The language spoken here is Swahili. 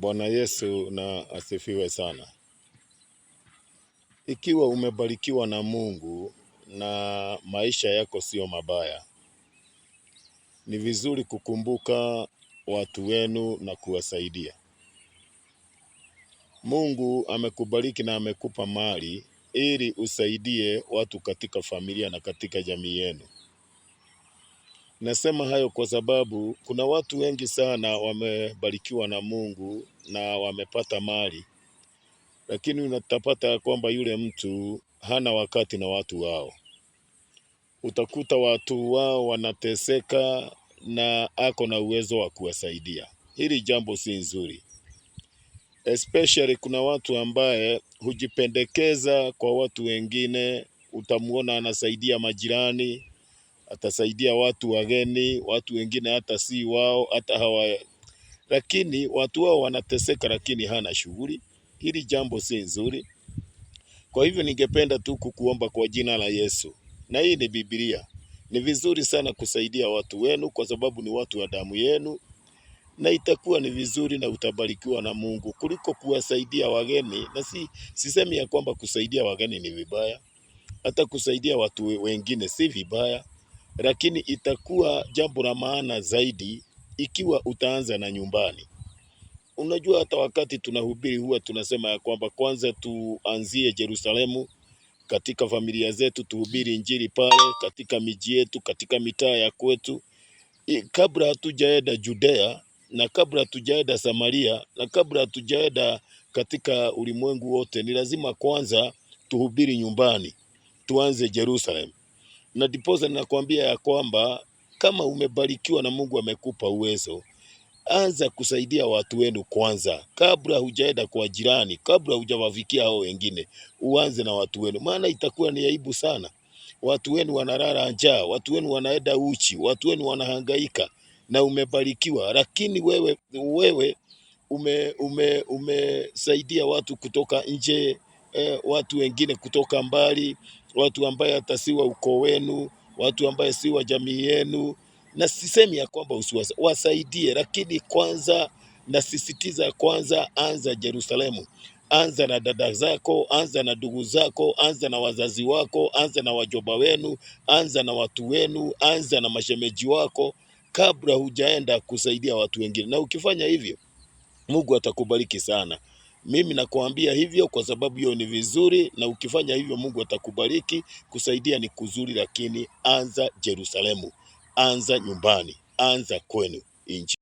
Bwana Yesu na asifiwe sana. Ikiwa umebarikiwa na Mungu na maisha yako sio mabaya, ni vizuri kukumbuka watu wenu na kuwasaidia. Mungu amekubariki na amekupa mali ili usaidie watu katika familia na katika jamii yenu. Nasema hayo kwa sababu kuna watu wengi sana wamebarikiwa na Mungu na wamepata mali, lakini unatapata kwamba yule mtu hana wakati na watu wao. Utakuta watu wao wanateseka na ako na uwezo wa kuwasaidia. Hili jambo si nzuri, especially kuna watu ambaye hujipendekeza kwa watu wengine. Utamuona anasaidia majirani atasaidia watu wageni, watu wengine hata si wao hata hawa, lakini watu wao wanateseka, lakini hana shughuli. Hili jambo si nzuri. Kwa hivyo ningependa tu kukuomba kwa jina la Yesu, na hii ni Biblia. Ni vizuri sana kusaidia watu wenu, kwa sababu ni watu wa damu yenu, na itakuwa ni vizuri na utabarikiwa na Mungu kuliko kuwasaidia wageni. Na si sisemi ya kwamba kusaidia wageni ni vibaya, hata kusaidia watu wengine si vibaya, lakini itakuwa jambo la maana zaidi ikiwa utaanza na nyumbani. Unajua, hata wakati tunahubiri huwa tunasema ya kwamba kwanza tuanzie Yerusalemu, katika familia zetu tuhubiri injili pale, katika miji yetu, katika mitaa ya kwetu, kabla hatujaenda Judea na kabla hatujaenda Samaria na kabla hatujaenda katika ulimwengu wote, ni lazima kwanza tuhubiri nyumbani, tuanze Yerusalemu na diposa ninakwambia ya kwamba kama umebarikiwa na Mungu amekupa uwezo, anza kusaidia watu wenu kwanza, kabla hujaenda kwa jirani, kabla hujawafikia hao wengine, uanze na watu wenu, maana itakuwa ni aibu sana. Watu wenu wanalala njaa, watu wenu wanaenda uchi, watu wenu wanahangaika, na umebarikiwa, lakini wewe wewe ume ume umesaidia watu kutoka nje eh, watu wengine kutoka mbali watu ambaye hata si wa ukoo wenu, watu ambaye si wa jamii yenu, na sisemi ya kwamba usiwasaidie, wasaidie, lakini kwanza nasisitiza kwanza, anza Yerusalemu, anza na dada zako, anza na ndugu zako, anza na wazazi wako, anza na wajoba wenu, anza na watu wenu, anza na mashemeji wako kabla hujaenda kusaidia watu wengine. Na ukifanya hivyo, Mungu atakubariki sana. Mimi nakuambia hivyo kwa sababu hiyo ni vizuri, na ukifanya hivyo Mungu atakubariki. Kusaidia ni kuzuri, lakini anza Yerusalemu, anza nyumbani, anza kwenu nchi